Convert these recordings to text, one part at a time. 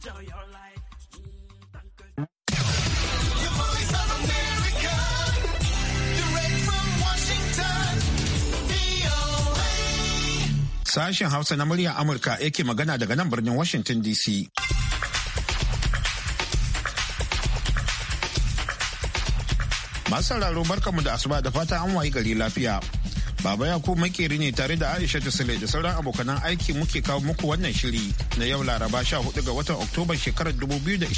Sashen Hausa na muryar Amurka yake magana daga nan birnin Washington DC. Masu sauraro barkamu da asuba da fata an wayi gari lafiya. Baba Yakubu makeri ne tare da Aisha sule da sauran abokanan aiki muke kawo muku wannan shiri na yau Laraba 14 ga watan Oktoba shekarar 2020.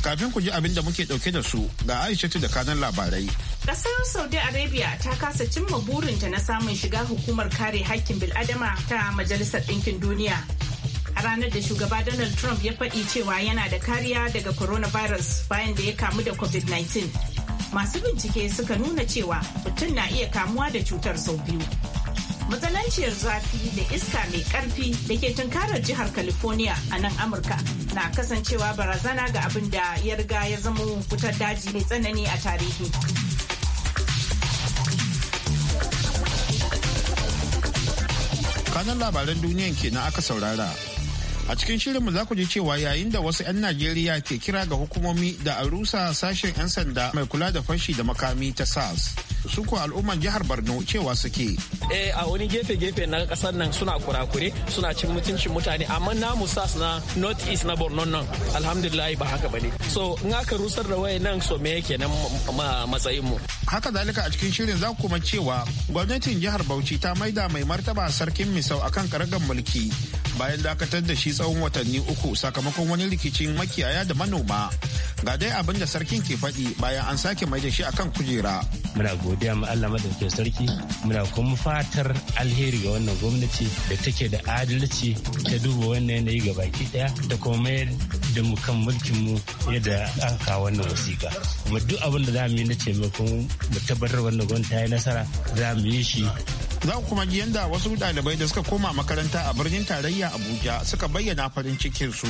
Kafin ku ji abin da muke dauke da su ga Aisha da kanan labarai. Kasar Saudi Arabia ta kasa cimma burinta na samun shiga hukumar kare haƙƙin bil'adama ta Majalisar Ɗinkin Duniya. A ranar da shugaba Donald Trump ya faɗi cewa yana da kariya daga coronavirus bayan da ya kamu da COVID-19. masu bincike suka nuna cewa mutum na iya kamuwa da cutar sau biyu. Matsananciyar zafi da iska mai ƙarfi da ke tunkarar jihar California a nan Amurka na kasancewa barazana ga abin da ya riga ya zama wutar daji mai tsanani a tarihi. Kanan labaran duniyan kenan aka saurara. A cikin shirin mu za ku ji cewa yayin da wasu 'yan Najeriya ke kira ga hukumomi da a rusa sashen 'yan sanda mai kula da fashi da makami ta SARS. Su ko al'umman jihar Borno cewa suke. Eh a wani gefe-gefe na kasar nan suna kurakure suna cin mutuncin mutane amma namu SARS na North East na Borno nan alhamdulillah ba haka bane. So in aka rusar da waye nan so me yake nan matsayin mu. Haka zalika a cikin shirin za ku kuma cewa gwamnatin jihar Bauchi ta maida mai martaba sarkin Misau akan karagar mulki. bayan dakatar da shi tsawon watanni uku sakamakon wani rikicin makiyaya da manoma ga dai abin da sarkin ke faɗi bayan an sake mai da shi akan kujera muna godiya ma Allah madaukakin sarki muna kuma fatar alheri ga wannan gwamnati da take da adalci ta duba wannan yanayi ga baki daya da kuma mayar da mu kan mulkin mu yadda aka kawo wannan wasiƙa kuma duk abin da za mu yi na taimakon mu tabbatar wannan gwamnati ta yi nasara za mu yi shi za ku kuma ji yadda wasu ɗalibai da suka koma makaranta a birnin tarayya abuja suka bayyana farin cikin su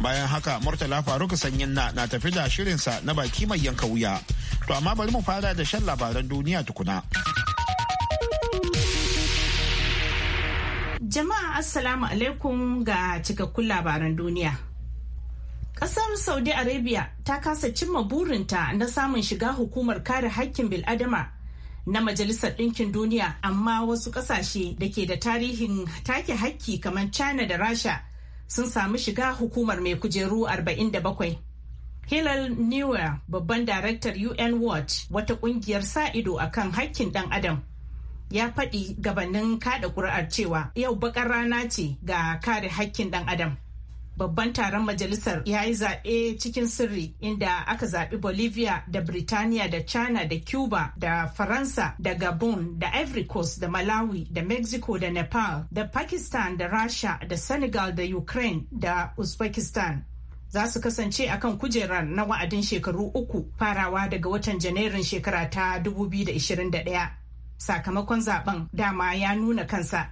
bayan haka murtala faruk sanyin na na tafi da shirinsa na baki mai yanka wuya to amma bari mu fara da shan labaran duniya tukuna jama'a assalamu alaikum ga cikakkun labaran duniya Kasar Saudi Arabia ta kasa cimma burinta na samun shiga hukumar kare haƙƙin bil'adama na Majalisar Ɗinkin Duniya amma wasu ƙasashe da ke da tarihin take hakki kamar China da Rasha sun samu shiga hukumar mai kujeru 47. Hillel Newell, babban daraktar UN Watch, wata ƙungiyar sa-ido a kan hakkin ɗan Adam, ya faɗi gabanin kada ƙuri'ar cewa yau baƙar rana ce ga kare hakkin ɗan Adam. babban taron majalisar ya yi zaɓe cikin sirri inda aka zaɓi bolivia da Birtaniya da china da cuba da faransa da gabon da ivory coast da malawi da mexico da nepal da pakistan da rasha da senegal da ukraine da uzbekistan za su kasance a kan kujerar na wa'adin shekaru uku farawa daga watan janairun shekara ta 2021 sakamakon zaben dama ya nuna kansa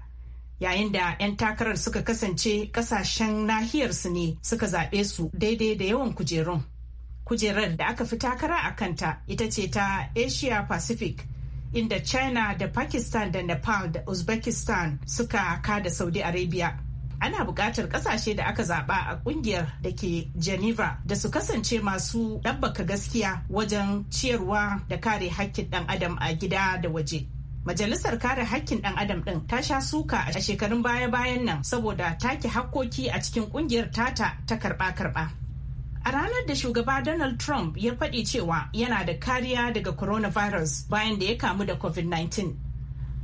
yayin da 'yan takarar suka kasance kasashen nahiyarsu ne suka zaɓe su daidai da yawan kujerun. Kujerar da aka fi takara a kanta ita ce ta Asia Pacific inda China da Pakistan da Nepal da Uzbekistan suka kada Saudi Arabia. Ana buƙatar ƙasashe da aka zaɓa a ƙungiyar da ke Geneva da su kasance masu ɗabbaka gaskiya wajen ciyarwa da kare haƙƙin ɗan adam a gida da waje. Majalisar Kare Hakkin Ɗan Adam ɗin ta sha suka a shekarun baya-bayan nan saboda take hakkoki a cikin ƙungiyar tata ta karɓa-karɓa. A ranar da shugaba Donald Trump ya faɗi cewa yana da kariya daga coronavirus bayan da ya kamu da COVID-19.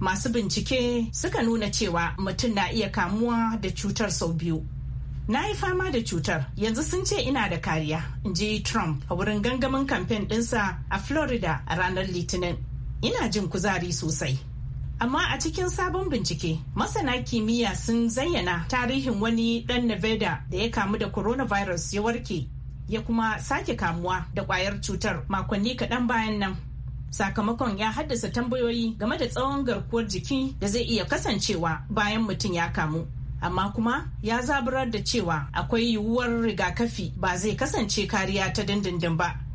Masu bincike suka nuna cewa mutum na iya kamuwa da cutar sau biyu. Na yi fama da cutar, yanzu sun ce ina da kariya, in ji Trump a wurin gangamin kamfen ɗinsa a Florida a ranar Litinin. ina jin kuzari sosai. Amma a cikin sabon bincike, masana kimiyya sun zayyana tarihin wani ɗan Nevada da ya kamu da coronavirus ya warke, ya kuma sake kamuwa da ƙwayar cutar makonni kaɗan bayan nan. Sakamakon ya haddasa tambayoyi game da tsawon garkuwar jiki da zai iya kasancewa bayan mutum ya kamu. Amma kuma ya zaburar da cewa akwai yiwuwar rigakafi ba zai kasance kariya ta dindindin ba.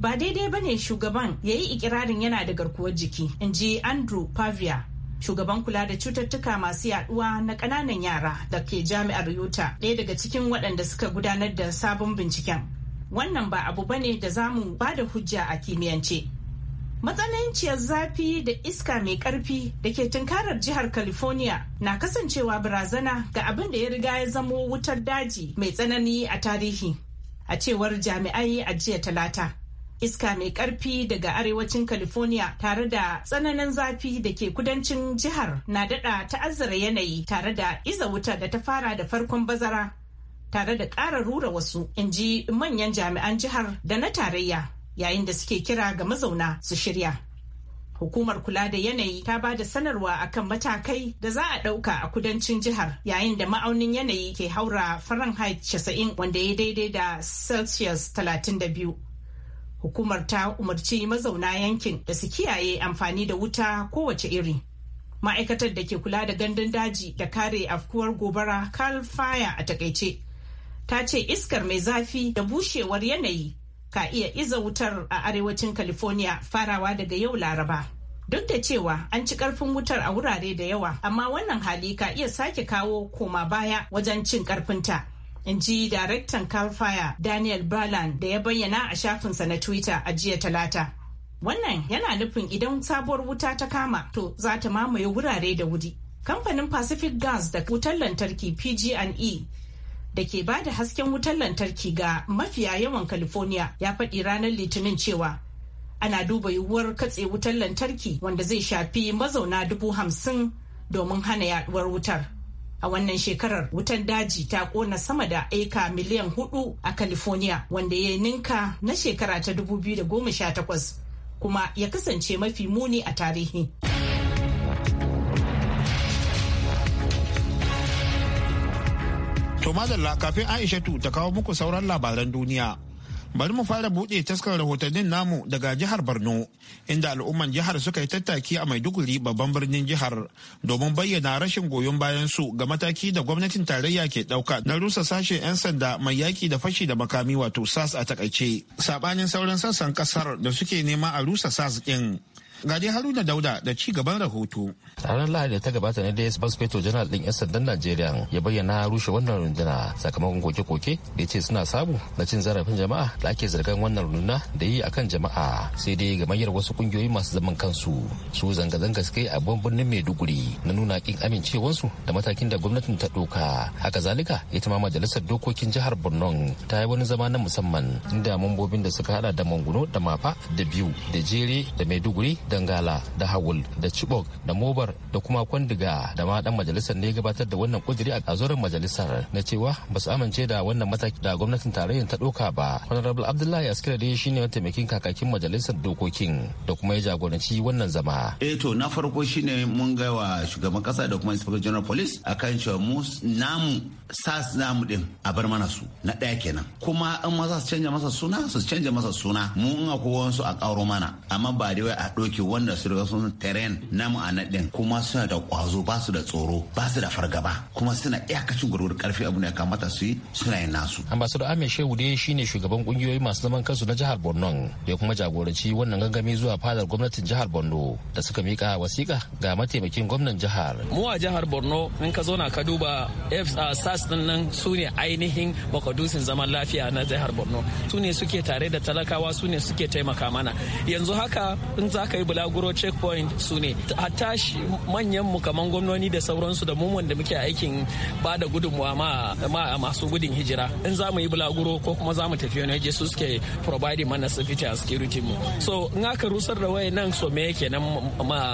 ba daidai ba ne shugaban ya yi ikirarin yana da garkuwar jiki in ji andrew pavia shugaban kula da cututtuka masu yaduwa na ƙananan yara da ke jami'ar utah ɗaya daga cikin waɗanda suka gudanar da sabon binciken wannan ba abu ba ne da za mu ba da hujja a kimiyyance matsananciyar zafi da iska mai karfi da ke tunkarar jihar california na kasancewa barazana ga abin da ya riga ya zamo wutar daji mai tsanani a tarihi a cewar jami'ai a jiya talata iska mai karfi daga arewacin california tare da tsananin zafi da ke kudancin jihar na dada ta'azzara yanayi tare da iza wuta da ta fara da farkon bazara tare da ƙara rura wasu in ji manyan jami'an jihar da na tarayya yayin da suke kira ga mazauna su shirya hukumar kula da yanayi ta ba da sanarwa akan matakai da za a ɗauka a kudancin jihar yayin da ma'aunin yanayi ke haura fahrenheit 90 wanda ya daidai da celsius 32 Hukumar ta umarci mazauna yankin da su kiyaye amfani da wuta kowace iri. Ma'aikatar da ke kula da gandun daji da kare afkuwar gobara Carl Fire a takaice. Ta ce iskar mai zafi da bushewar yanayi ka iya iza wutar a arewacin California farawa daga yau Laraba. duk da cewa an ci karfin wutar a wurare da yawa amma wannan hali ka iya sake kawo koma baya wajen cin karfinta. in ji daraktan Calfire Daniel berlin da ya bayyana a shafinsa na Twitter a jiya talata. Wannan yana nufin idan sabuwar wuta ta kama to za ta mamaye wurare da wuri. Kamfanin Pacific Gas da wutar lantarki PG&E da ke ba da hasken wutar lantarki ga mafiya yawan California ya faɗi ranar Litinin cewa ana duba yiwuwar katse wutar lantarki wanda zai shafi mazauna dubu hamsin domin hana yaduwar wutar. A wannan shekarar wutan daji ta kona sama da aika miliyan hudu a California wanda ya ninka na shekara ta 2018 kuma ya kasance mafi muni a tarihi. To madalla kafin Aishatu ta kawo muku sauran labaran duniya. Bari mu fara buɗe taskar rahotannin namu daga jihar Borno, inda al'umman jihar suka yi tattaki a Maiduguri babban birnin jihar domin bayyana rashin goyon bayan su ga mataki da gwamnatin tarayya ke ɗauka na rusa sashen 'yan sanda mai yaki da fashi da makami wato SAS a takaice. Sabanin sauran sassan kasar da suke nema a rusa SAS ɗin. Gade Haruna Dauda da ci gaban rahoto. Ranar Lahadi ta gabata ne dai Basfeto Janar din 'yan sandan Najeriya ya bayyana rushe wannan runduna sakamakon koke-koke da ya ce suna sabu na cin zarafin jama'a da ake zargan wannan runduna da yi akan jama'a sai dai gamayyar wasu kungiyoyi masu zaman kansu su zanga-zanga suka yi a birnin Maiduguri na nuna kin amincewansu da matakin da gwamnatin ta ɗauka. Haka zalika ita ma majalisar dokokin jihar Borno ta yi wani zama na musamman inda mambobin da suka hada da Manguno da Mafa da Biyu da Jere da Maiduguri dangala da hagul da chibok da mobar da kuma kwandiga da ma dan majalisar ne gabatar da wannan kudiri a zoren majalisar na cewa ba su amince da wannan mataki da gwamnatin tarayyar ta ɗauka ba honorable abdullahi askira dai shine mataimakin kakakin majalisar dokokin da kuma ya jagoranci wannan zama eh to na farko shine mun ga wa shugaban kasa da kuma inspector general police akan cewa mu namu sas namu din a bar mana su na ɗaya kenan kuma an maza su canja masa suna su canja masa suna mu in akwai wasu a ƙaro mana amma ba dai wai a ɗauki aiki wannan su daga sun teren na ma'ana din kuma suna da ƙwazo ba su da tsoro ba su da fargaba kuma suna iyakacin gwargwar karfi abu ne kamata su yi suna yin nasu. ambassador ahmed shehu dai shine shugaban kungiyoyi masu zaman kansu na jihar borno ya kuma jagoranci wannan gangami zuwa fadar gwamnatin jihar borno da suka mika wasiƙa ga mataimakin gwamnan jihar. mu a jihar borno in ka zauna ka duba uh, sas din nan su ne ainihin makwadusin zaman lafiya na jihar borno su ne suke tare da talakawa su ne suke taimaka mana yanzu haka in za ka yi bulaguro checkpoint su ne tashi manyan mu kaman gwamnoni da sauransu da mu da muke aikin ba da gudunmuwa ma masu gudun hijira in za mu yi bulaguro ko kuma za mu tafi wani waje su suke provide mana safety and security mu so in aka rusar da waye nan so me yake nan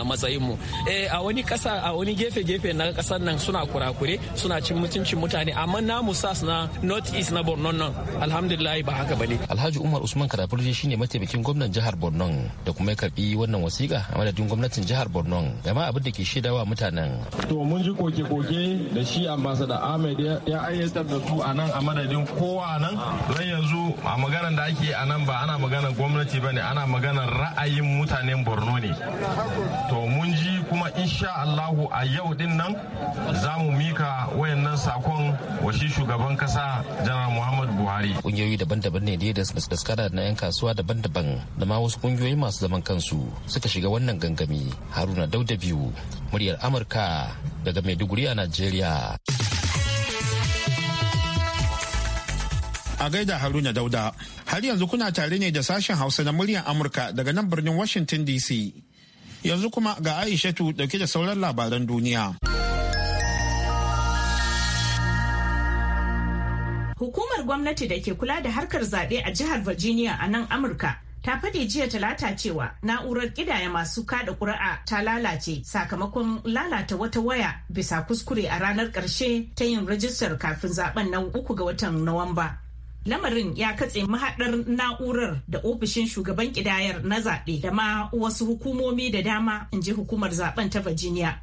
matsayin mu eh a wani kasa a wani gefe gefe na kasar nan suna kurakure suna cin mutuncin mutane amma namu sas na north east na borno nan alhamdulillah ba haka bane alhaji umar usman karafurje shine mataimakin gwamnan jihar borno da kuma ya karbi wannan wasiƙa a madadin gwamnatin jihar borno game abin da ke shaidawa mutanen to mun ji koke-koke da shi a ambasada ahmed ya ayyatar da su a nan a madadin kowa nan don yanzu a maganar da ake a nan ba ana maganar gwamnati ba ne ana maganar ra'ayin mutanen borno ne to mun ji kuma insha allahu a yau din nan za mu mika wayannan sakon washi shugaban kasa janar muhammad buhari kungiyoyi daban-daban ne da suka da na 'yan kasuwa daban-daban da ma wasu kungiyoyi masu zaman kansu suka shiga wannan gangami haruna dauda biyu muryar amurka daga maiduguri a nigeria. a gaida haruna dauda har yanzu kuna tare ne da sashen hausa na muryar amurka daga nan birnin washington dc yanzu kuma ga aishatu dauke da sauran labaran duniya hukumar gwamnati da ke kula da harkar zaɓe a jihar virginia a nan amurka ta faɗi jiya talata cewa na'urar ƙidaya masu kada ƙuri'a ta lalace sakamakon lalata wata waya bisa kuskure a ranar ƙarshe ta yin rajistar kafin zaben na uku ga watan Nuwamba. lamarin ya katse mahaɗar na'urar da ofishin shugaban ƙidayar na zaɓe da ma wasu hukumomi da dama in ji hukumar zaben ta virginia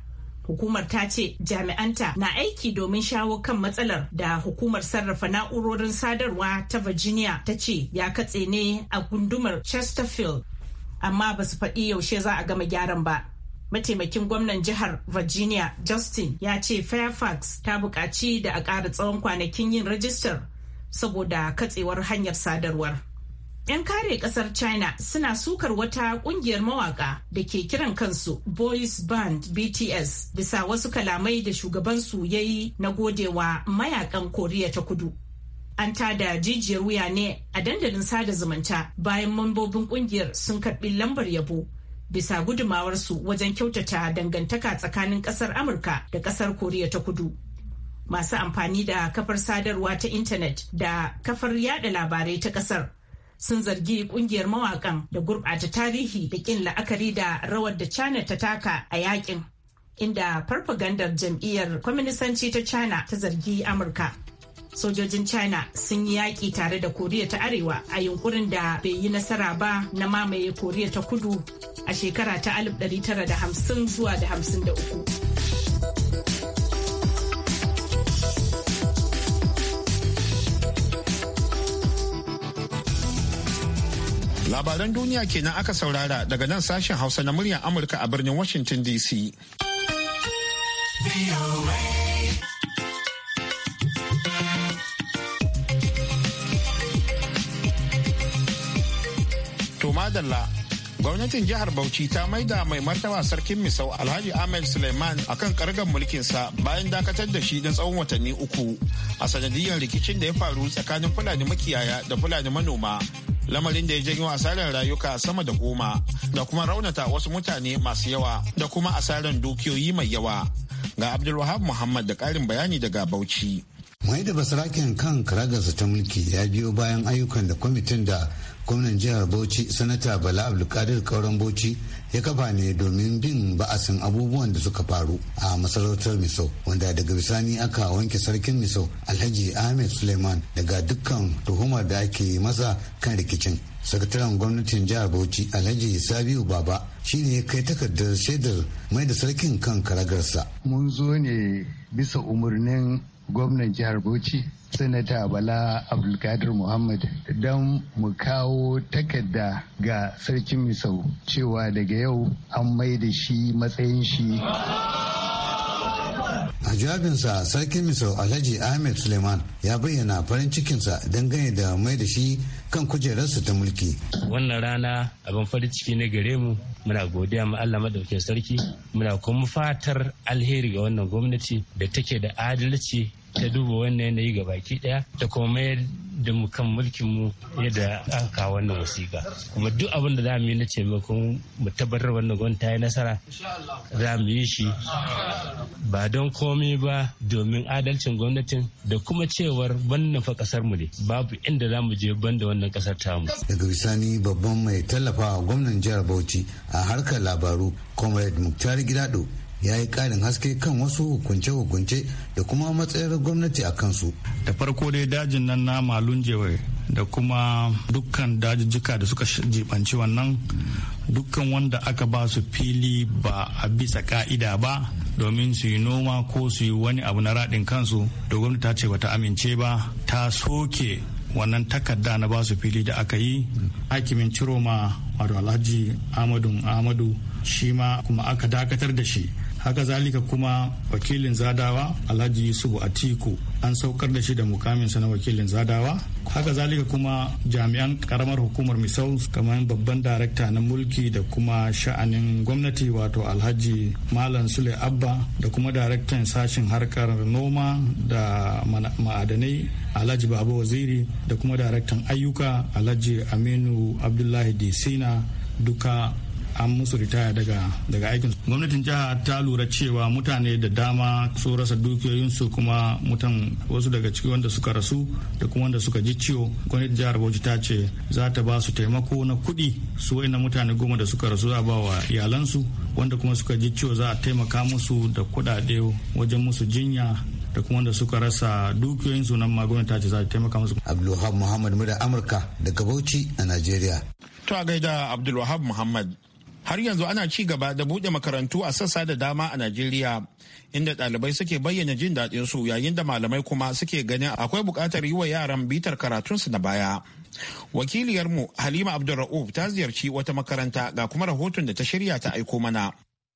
Hukumar ta ce jami'anta na aiki domin shawo kan matsalar da hukumar sarrafa na'urorin sadarwa ta Virginia ta ce ya katse ne a gundumar Chesterfield amma ba su faɗi yaushe za a gama gyaran ba. Mataimakin gwamnan jihar Virginia Justin ya ce Fairfax ta buƙaci da a ƙara tsawon kwanakin yin rajistar saboda katsewar hanyar sadarwar. 'Yan kare kasar China suna sukar wata kungiyar mawaka da ke kiran kansu Boys Band BTS bisa wasu kalamai da shugabansu ya yi na godewa mayakan Koriya ta kudu. An tada jijiyar wuya ne a dandalin sada zumunta bayan mambobin kungiyar sun karɓi lambar yabo bisa su wajen kyautata dangantaka tsakanin kasar Amurka da kasar Koriya ta kudu. Masu amfani da kafar sadarwa ta intanet da kafar yada labarai ta kasar sun zargi kungiyar mawakan da gurɓata tarihi da kin la'akari da rawar da China ta taka a yakin inda farfagandar jam'iyyar kwaminisanci ta China ta zargi Amurka. Sojojin China sun yi yaƙi tare da Koriya ta Arewa a yunkurin da bai yi nasara ba na mamaye Koriya ta Kudu a shekara ta 1950 zuwa da 53. Labaran duniya kenan aka saurara daga nan sashen Hausa na muryar Amurka a birnin Washington DC. madalla gwamnatin jihar bauchi ta maida mai martaba sarkin misau alhaji ahmed suleiman akan kargan mulkinsa bayan dakatar da shi na tsawon watanni uku a sanadiyar rikicin da ya faru tsakanin fulani makiyaya da fulani manoma lamarin da ya janyo asarar rayuka sama da goma da kuma raunata wasu mutane masu yawa da kuma asarar dukiyoyi mai yawa ga abdulwahab muhammad da ƙarin bayani daga bauchi mai da basarakin kan karagarsa ta mulki ya biyo bayan ayyukan da kwamitin da gwamnan jihar bauchi sanata bala abdulkadir kauran bauchi ya kafa ne domin bin ba'asin abubuwan da suka faru a masarautar miso wanda daga bisani aka wanke sarkin miso alhaji ahmed suleiman daga dukkan tuhumar da ake masa kan rikicin sakataren gwamnatin jihar bauchi alhaji sabiu baba shine ya kai takardar shaidar mai da sarkin kan karagarsa mun zo ne bisa umarnin gwamnan jihar bauchi sanata bala abdulkadir muhammad don mu kawo takarda ga sarkin misau cewa daga yau an mai da shi matsayin shi a jawabinsa sarkin misau alhaji ahmed suleiman ya bayyana farin cikinsa dangane da mai da shi kan kujerarsa ta mulki wannan rana abin farin ciki na gare mu muna godiya ma allah madaukin sarki muna kuma fatar alheri ga wannan gwamnati da take da adalci ta duba wannan yanayi ga baki daya da kuma mayar da mu kan mulkin mu yadda aka kawo wannan wasiƙa kuma duk abin da za mu yi na taimakon mu tabbatar wannan gwamnati ta yi nasara za mu yi shi ba don komai ba domin adalcin gwamnatin da kuma cewar wannan fa kasar mu ne babu inda za mu je banda wannan kasar ta mu. daga bisani babban mai tallafa gwamnan jihar bauchi a harkar labaru comrade Muktar gidado ya yi karin haske kan wasu hukunce-hukunce da kuma matsayar gwamnati a kansu. Da farko dai dajin nan na Malunjewe da kuma dukkan dajijjika da suka jibanci wannan dukkan wanda aka ba su fili ba a bisa ka'ida ba domin su yi noma ko su yi wani abu na raɗin kansu da gwamnati ta ce bata amince ba ta soke wannan takarda na ba su fili da aka yi hakimin ciro ma wato alhaji amadu amadu shi ma kuma aka dakatar da shi haka zalika kuma wakilin zadawa alhaji yusufu atiku an saukar da shi da mukaminsa na wakilin zadawa haka zalika kuma jami'an karamar hukumar misau kamar babban darakta na mulki da kuma sha'anin gwamnati wato alhaji malam sule abba da kuma daraktan sashen harkar noma da ma'adanai alhaji babu waziri da kuma daraktan ayyuka alhaji aminu abdullahi disina duka an musu ritaya daga daga aikin gwamnatin jiha ta lura cewa mutane da dama su rasa dukiyoyinsu kuma mutan wasu daga ciki wanda suka rasu da kuma wanda suka ji ciwo gwamnatin jihar bauchi ta ce za ta ba su taimako na kuɗi su waina mutane goma da suka rasu za a ba wa iyalansu wanda kuma suka ji ciwo za a taimaka musu da kuɗaɗe wajen musu jinya da kuma wanda suka rasa dukiyoyinsu nan ma gwamnati ta ce za ta taimaka musu. Abdulwahab Muhammad Mura Amurka daga Bauchi a Najeriya. To a gaida Abdulwahab Muhammad har yanzu ana ci gaba da buɗe makarantu a sassa da dama a Najeriya inda ɗalibai suke bayyana jin daɗin su yayin da malamai kuma suke ganin akwai buƙatar yi wa yaran bitar karatun su na baya. Wakiliyarmu Halima Abdulra'uf ta ziyarci wata makaranta ga kuma rahoton da ta shirya ta aiko mana.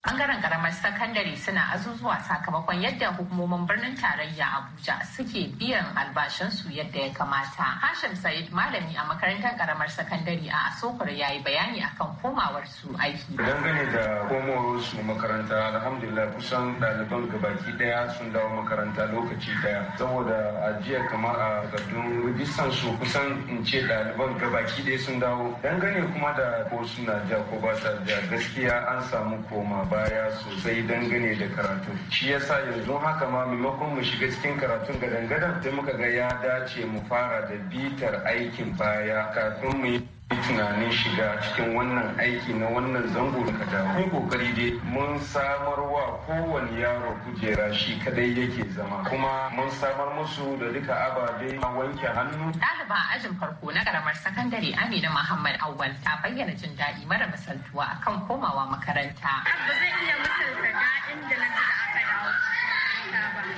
Bangaren karamar sakandare suna azuzuwa sakamakon yadda hukumomin birnin tarayya Abuja suke biyan albashinsu yadda ya kamata. Hashim Said malami a makarantar karamar sakandare a Asokar ya yi bayani akan komawar su aiki. Dangane da komawar su makaranta alhamdulillah kusan ɗaliban gabaki daya sun dawo makaranta lokaci ɗaya. Saboda ajiya kamar a gardun rijistan su kusan in ce ɗaliban gabaki daya sun dawo. Dangane kuma da ko suna ja ko ba sa ja gaskiya an samu koma baya sosai dangane da karatu shi yasa yanzu haka ma maimakon mu shiga cikin karatun gadan-gadan sai muka ga ya dace mu fara da bitar aikin baya kafin mu yi tunanin shiga cikin wannan aiki na wannan zango da kada mun kokari dai mun samar wa kowane yaro kujera shi kadai yake zama kuma mun samar musu da duka ababe a wanke hannu ɗaliba ajin farko na karamar sakandare amina muhammad awwal ta bayyana jin daɗi mara misaltuwa akan komawa makaranta ba zai iya misalta daɗin da na da aka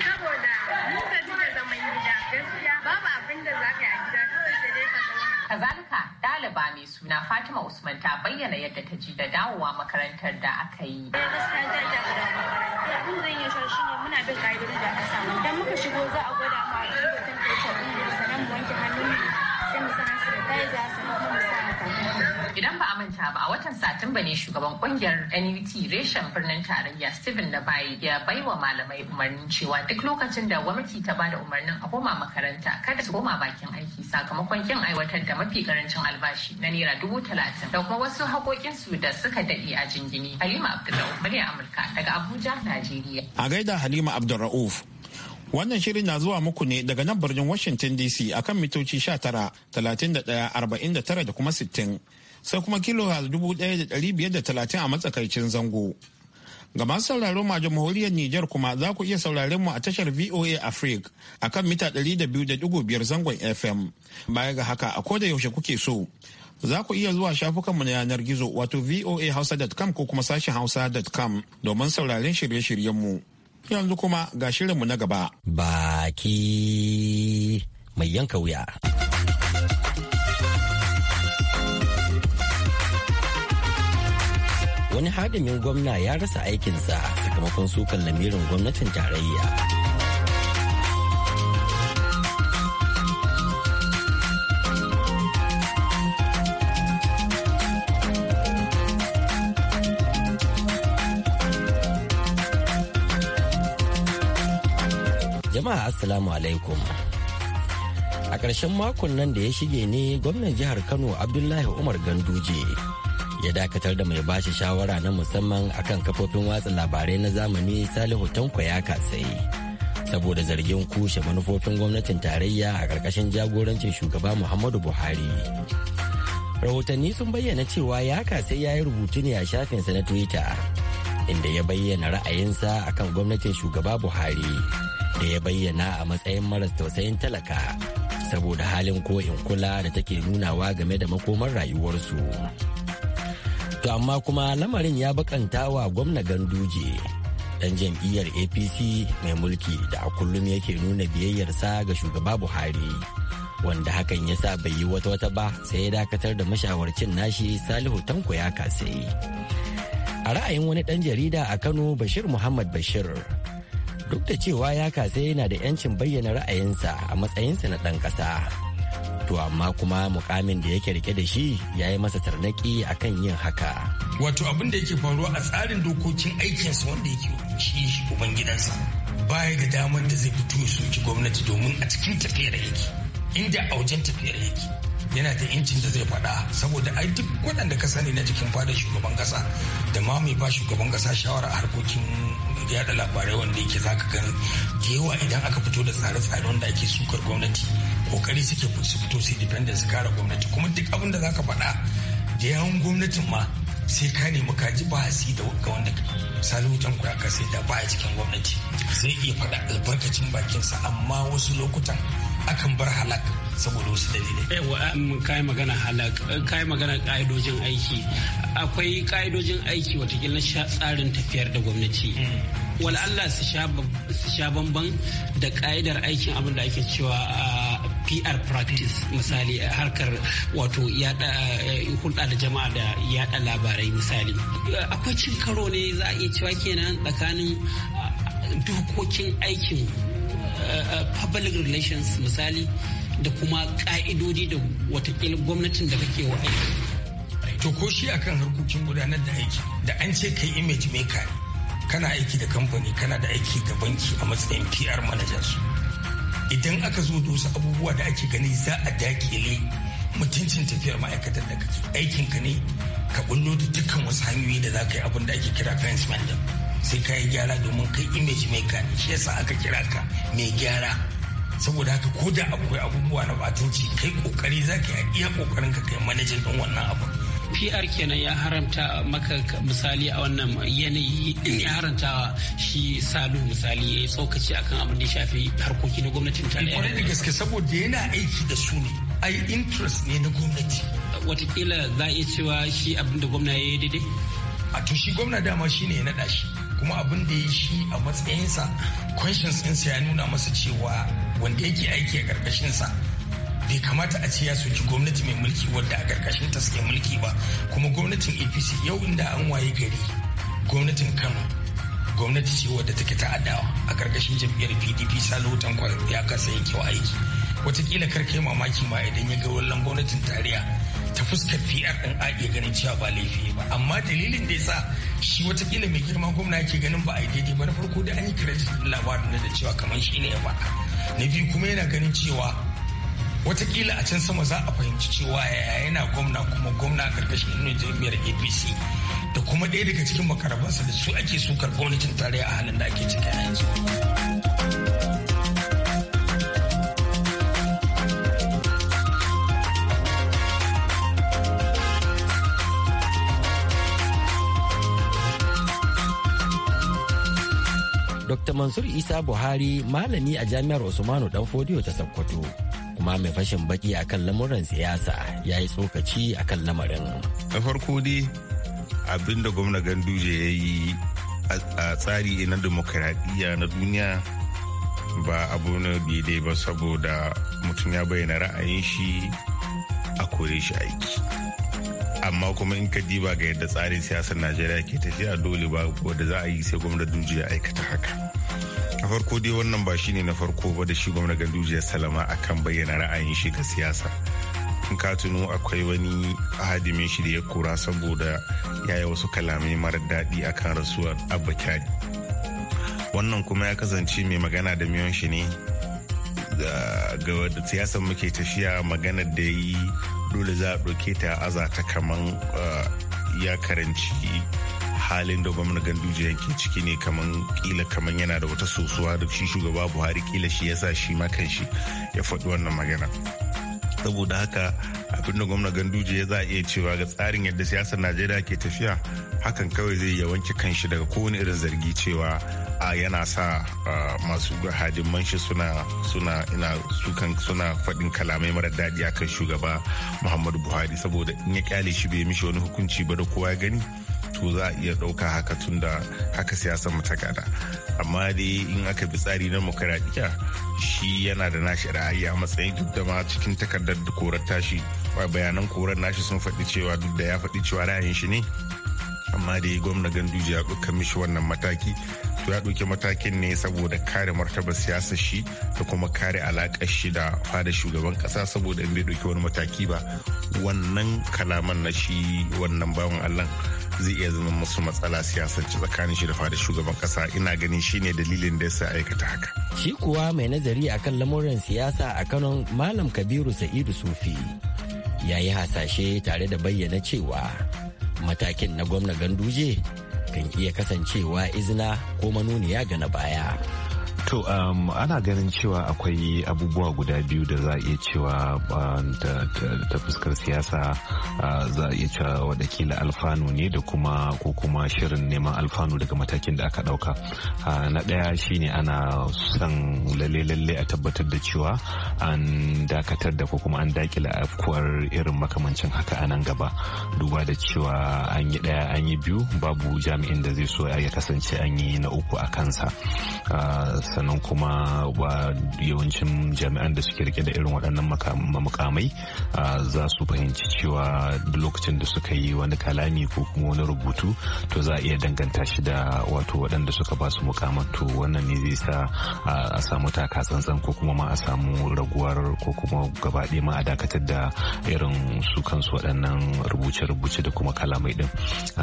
saboda mun da gaskiya babu abin da za ka yi a gida kawai sai dai ka zauna kazalika ɗaliba mai suna Fatima Usman ta bayyana yadda ta ji da dawowa makarantar da aka yi. Eh, Abin zan yi shi ne muna bin ƙa'idodin da aka samu. Idan muka shigo za a gwada ma ba a watan Satumba ne shugaban kungiyar NUT reshen birnin tarayya Stephen da bai ya baiwa malamai umarnin cewa duk lokacin da gwamnati ta bada umarnin a koma makaranta kada su koma bakin aiki sakamakon kin aiwatar da mafi karancin albashi na naira dubu talatin da kuma wasu su da suka dade a jingini. Halima Abdullahi murya Amurka daga Abuja, Najeriya. A gaida Halima Abdulra'uf. Wannan shirin na zuwa muku ne daga nan birnin Washington DC akan mitoci 19, 31, 49 da kuma 60. sai kuma kilohaz 1,530 a matsakaicin zango. Ga masu sauraron ma jamhuriyar Nijar kuma za ku iya sauraren mu a tashar VOA Africa a kan mita 200.5 zangon FM. Baya ga haka a koda yaushe kuke so. Za ku iya zuwa shafukanmu na yanar gizo wato voahausa.com ko kuma sashen hausa.com domin sauraren shirye-shiryenmu. Yanzu kuma ga shirinmu na gaba. Baki mai yanka wuya. wani hadimin gwamna ya rasa aikinsa sakamakon sukan lamirin gwamnatin tarayya. Jama'a Assalamu alaikum. A ƙarshen makon nan da ya shige ne gwamnan jihar Kano Abdullahi Umar Ganduje. ya dakatar da mai bashi shawara na musamman akan kafofin watsa labarai na zamani salihu tanko ya katsayi saboda zargin kushe manufofin gwamnatin tarayya a ƙarƙashin jagorancin shugaba muhammadu buhari rahotanni sun bayyana cewa ya katsayi ya yi rubutu ne a shafinsa na twitter inda ya bayyana ra'ayinsa akan gwamnatin shugaba buhari da ya bayyana a matsayin maras tausayin talaka saboda halin ko in kula da take nunawa game da makomar rayuwarsu. To amma kuma lamarin ya bakanta wa gwamna ganduje dan jam'iyyar APC mai mulki da a kullum yake nuna biyayyarsa ga shugaba Buhari. Wanda hakan ya sa bai yi wata wata ba sai ya dakatar da mashawarcin nashi Salihu Tanko ya kasai. A ra'ayin wani ɗan jarida a Kano Bashir Muhammad Bashir. Duk da cewa ya kasai yana da 'yancin bayyana ra'ayinsa a matsayinsa na ɗan ƙasa. wato amma kuma mukamin da yake rike da shi ya yi masa tarnaki a kan yin haka wato abin da yake faruwa a tsarin dokokin aikinsa wanda yake shi shi uban gidansa baya da damar da zai fito soki gwamnati domin a cikin tafiyar yake inda a wajen tafiyar yake yana da incin da zai faɗa saboda ai duk waɗanda ka sani na jikin fadar shugaban ƙasa da ma mai ba shugaban ƙasa shawara a harkokin yada labarai wanda yake zaka gani da yawa idan aka fito da tsare-tsare wanda ake sukar gwamnati kokari suke su fito su su kare gwamnati kuma duk abin da zaka faɗa da yawan gwamnatin ma sai ka nemi ka ji su da ga wanda misali wutan ku ka sai da a cikin gwamnati zai iya faɗa albarkacin bakinsa amma wasu lokutan akan bar halak saboda wasu dalilai. Yawa kayi magana halak kayi magana ka'idojin aiki akwai ka'idojin aiki watakila tsarin tafiyar da gwamnati. Mm. Wala Allah su sha bamban da ka'idar aikin abin da ake cewa a ah, PR practice misali eh, harkar wato yada eh, hulɗa da jama'a da yada labarai misali akwai cin karo ne za a iya cewa kenan tsakanin eh, dokokin aikin public relations misali da kuma ƙa'idodi da watakila gwamnatin da kake wa aiki. To ko shi akan harkokin gudanar da aiki da an ce kai image maker kana aiki da kamfani kana da aiki ga banki a matsayin PR manajansu. idan aka zo da wasu abubuwa da ake gani za a dakile mutuncin tafiyar ma'aikatar da kake aikin ka ne ka bullo da dukkan wasu hanyoyi da za ka yi abin da ake kira fence mending sai ka yi gyara domin kai image mai gane shi yasa aka kira ka mai gyara saboda haka ko da akwai abubuwa na batunci kai kokari za ka yi iya kokarin ka kai manajin din wannan abu PR kenan ya haramta maka misali a wannan yanayi ya haramta shi salu misali ya tsokaci akan abin da ya shafi harkoki na gwamnatin tarayya. Kwarai da gaske saboda yana aiki da su ne ai interest ne na gwamnati. Wataƙila za a iya cewa shi abin da gwamna ya yi daidai? A to shi gwamna dama shi ne ya naɗa shi kuma abin da ya shi a matsayinsa conscience ɗinsa ya nuna masa cewa wanda yake aiki a ƙarƙashinsa bai kamata a ce ya soki gwamnati mai mulki wadda a karkashin ta suke mulki ba kuma gwamnatin apc yau inda an waye gari gwamnatin kano gwamnati ce wadda take Adawa a karkashin jam'iyyar pdp salo tankwar ya kasa yin kyau aiki watakila kar kai mamaki ma idan ya ga wallan gwamnatin tariya ta fuskar PR din a iya ganin cewa ba laifi ba amma dalilin da ya sa shi watakila mai girma gwamna yake ganin ba a daidai ba na farko da an yi kredit labarin da cewa kamar shi ne ya faɗa na biyu kuma yana ganin cewa watakila a can sama za a fahimci cewa yaya yana gwamna kuma gwamna a karkashin inu jami'ar apc da kuma ɗaya daga cikin makarabansa da su ake sukar gwamnatin tarayya a halin da ake ciki a yanzu. Dr. Mansur Isa Buhari malami a Jami'ar Usmanu Danfodiyo ta Sokoto. kuma mai fashin baki akan lamuran siyasa ya yi tsokaci akan lamarin. Na farko dai abin da gwamna ganduje ya yi a tsari na demokaradiyya na duniya ba abu na daidai ba saboda mutum ya bayyana ra'ayin shi a kore shi aiki amma kuma in ka diba ga yadda tsarin siyasar najeriya ke tafiya dole ba wadda za a yi sai gwamnati ya aikata haka a farko dai wannan ba shi ne na farko ba da shi gwamna ganduje ya salama akan bayyana ra'ayin shi ga siyasa in ka tuno akwai wani hadimin shi da ya kura saboda ya yi wasu kalamai marar daɗi akan rasuwar abba kyari wannan kuma ya kasance mai magana da miyon shi ne ga siyasar muke tafiya magana da ya yi dole za a ɗauke ta azata ta kaman ah, ya karanci halin da gwamnan ganduje yake ciki ne kaman kila kaman yana da wata sosuwa da shi shugaba buhari kila shi yasa shi ma kanshi ya faɗi wannan magana saboda haka abinda gwamnan ganduje ya za a iya cewa ga tsarin yadda siyasar najeriya ke tafiya hakan kawai zai ya wanke kanshi daga kowane irin zargi cewa a yana sa masu hadiman shi suna suna ina sukan suna faɗin kalamai mara daɗi akan shugaba muhammadu buhari saboda in ya kyale shi bai mishi wani hukunci ba da kowa ya gani to za a iya ɗauka haka tun da haka siyasar mu gada amma dai in aka bi tsari na mukaradiya shi yana da nashi ra'ayi a matsayin duk da ma cikin takardar da korar tashi bayanan korar nashi sun faɗi cewa duk da ya faɗi cewa ra'ayin shi ne amma dai gwamna ganduje ya ɗauka mishi wannan mataki to ya ɗauki matakin ne saboda kare martaba siyasa shi da kuma kare alaƙar shi da fada shugaban ƙasa saboda in bai ɗauki wani mataki ba wannan kalaman na shi wannan bawan allah zai iya zama musu matsala siyasance tsakanin shi da fada shugaban ƙasa ina ganin shi ne dalilin da ya aikata haka shi kuwa mai nazari akan lamuran siyasa a kanon malam kabiru sa'idu sufi ya yi hasashe tare da bayyana cewa matakin na gwamna ganduje kan iya kasancewa izina ko manuniya ga na baya. To um, ana ganin cewa akwai abubuwa guda biyu da za a iya cewa um, ta fuskar siyasa uh, za a iya cewa wadakila alfanu ne da kuma ko kuma shirin neman alfanu daga matakin da aka dauka. Uh, na ɗaya shine ana son lalle-lalle a tabbatar da cewa an dakatar da ko kuma an dakila afkuwar irin makamancin haka a nan gaba. Duba da cewa an yi ɗaya an yi biyu babu jami'in da zai so ya kasance an yi na uku a kansa. Uh, sannan kuma yawancin jami'an da suke rike da irin waɗannan makamai za su fahimci cewa lokacin da suka yi wani kalami ko kuma wani rubutu to za a iya danganta shi da wato waɗanda suka ba su mukamar to wannan ne zai sa a samu taka tsantsan ko kuma ma a samu raguwar ko kuma gaba ma a dakatar da irin su kansu waɗannan rubuce-rubuce da kuma kalamai din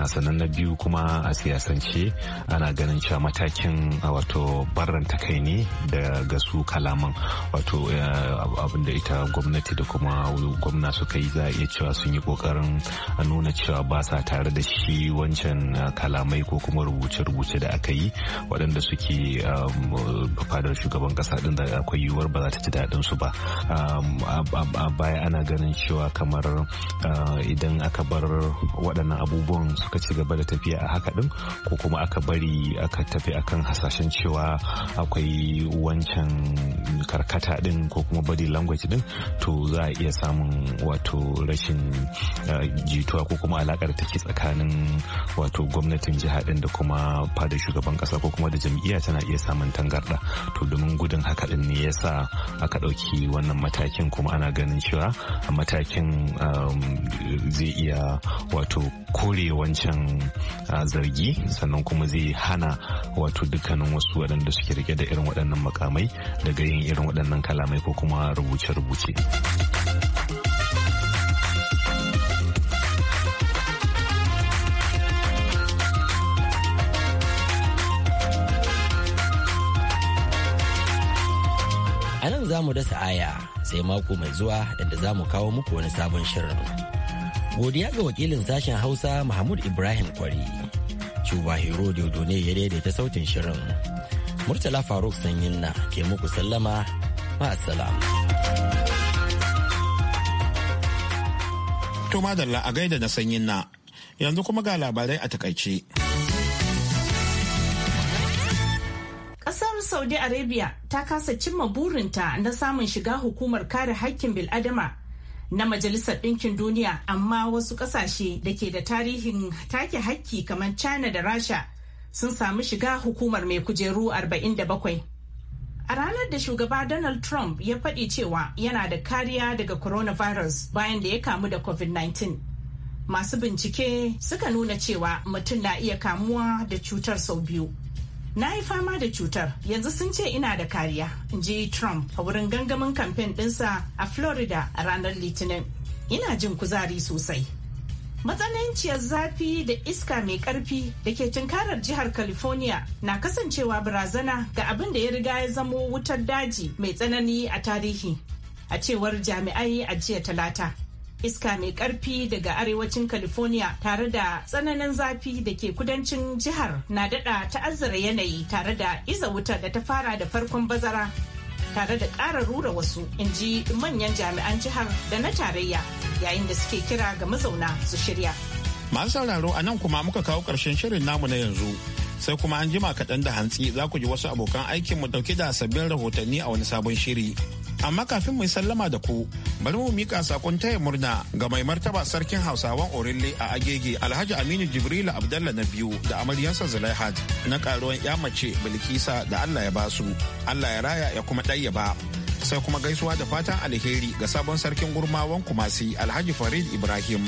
sannan na biyu kuma a siyasance ana ganin cewa matakin wato barranta kai ne daga su kalaman wato eh, abin da ita gwamnati da kuma gwamna suka yi za a iya cewa sun yi ƙoƙarin nuna cewa ba sa tare da shi wancan eh, kalamai ko kuma rubuce-rubuce da aka yi waɗanda suke um, fadar shugaban ƙasa ɗin da akwai yiwuwar ba za ta ci daɗin su ba um, a baya ana ganin cewa kamar eh, idan aka bar waɗannan abubuwan suka ci gaba da tafiya a haka ɗin ko kuma aka bari aka tafi akan hasashen cewa akwai wancan karkata din ko kuma body language din to za a iya samun wato rashin eh, jituwa ko kuma alakar take tsakanin wato gwamnatin jiha din da kuma fadar shugaban kasa ko kuma da jam'iyya tana iya samun tangarda to domin gudun haka din ne yasa aka ɗauki wannan matakin kuma ana ganin cewa matakin um, zai iya wato kore wancan ah, zargi sannan kuma zai hana wato dukkanin wasu waɗanda suke rike da irin waɗannan makamai daga yin irin waɗannan kalamai ko kuma rubuce-rubuce. A nan za mu dasa aya sai mako mai zuwa inda za mu kawo muku wani sabon shirin. Godiya ga wakilin sashen Hausa Mahmud Ibrahim Kwari. Cuba Hero Dodo ne ya daidaita sautin shirin. Murtala Faruk sanyin na ke muku sallama ma'asalam. To madalla a gaida na sanyin na yanzu kuma ga labarai a takaice. Kasar Saudi Arabia ta kasa cimma burinta na samun shiga hukumar kare haƙƙin bil'adama na Majalisar Ɗinkin Duniya amma wasu ƙasashe da ke da tarihin take hakki kamar China da Rasha sun samu shiga hukumar mai kujeru 47. A ranar da shugaba Donald Trump ya faɗi cewa yana da kariya daga coronavirus bayan da ya kamu da COVID-19. Masu bincike suka nuna cewa mutum na iya kamuwa da cutar sau biyu. Na yi fama da cutar, yanzu sun ce ina da kariya, in ji Trump a wurin gangamin kamfen ɗinsa a Florida a ranar Litinin. Ina jin kuzari sosai. matsananciyar zafi da iska mai karfi da ke tunkarar jihar california na kasancewa barazana ga abin da ya riga ya zamo wutar daji mai tsanani a tarihi a cewar jami'ai a jiya talata iska mai karfi daga arewacin california tare da tsananin zafi da ke kudancin jihar na dada ta'azzara yanayi tare da iza wuta da ta fara da farkon bazara tare da ƙara rura wasu in ji manyan jami'an jihar da na tarayya yayin da suke kira ga mazauna su shirya. Masu sauraro a nan kuma muka kawo ƙarshen shirin namu na yanzu. Sai kuma an jima kaɗan da hantsi za ku ji wasu abokan aikinmu ɗauke da sabbin rahotanni a wani sabon shiri. amma kafin mu yi sallama da ku bari mu mika sakon taya murna ga mai martaba sarkin hausawan orille a agege alhaji aminu jibrila abdallah na biyu da amaryansa zulaihat na karuwan ya mace bilkisa da allah ya basu allah ya raya ya kuma ɗaya ba sai kuma gaisuwa da fatan alheri ga sabon sarkin gurmawan kumasi alhaji farid ibrahim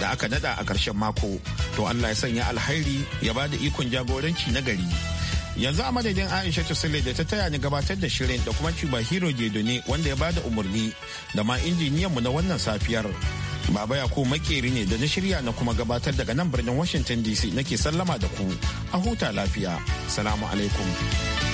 da aka nada a ƙarshen mako to allah ya sanya alheri ya ba da ikon jagoranci na gari yanzu a madadin aisha tusile da ta taya ni gabatar da shirin da kuma cuba hero ne wanda ya bada umarni da ma injiniyan mu na wannan safiyar baba ya ko makeri ne da na shirya na kuma gabatar daga nan birnin washington dc nake sallama da ku a huta lafiya salamu alaikum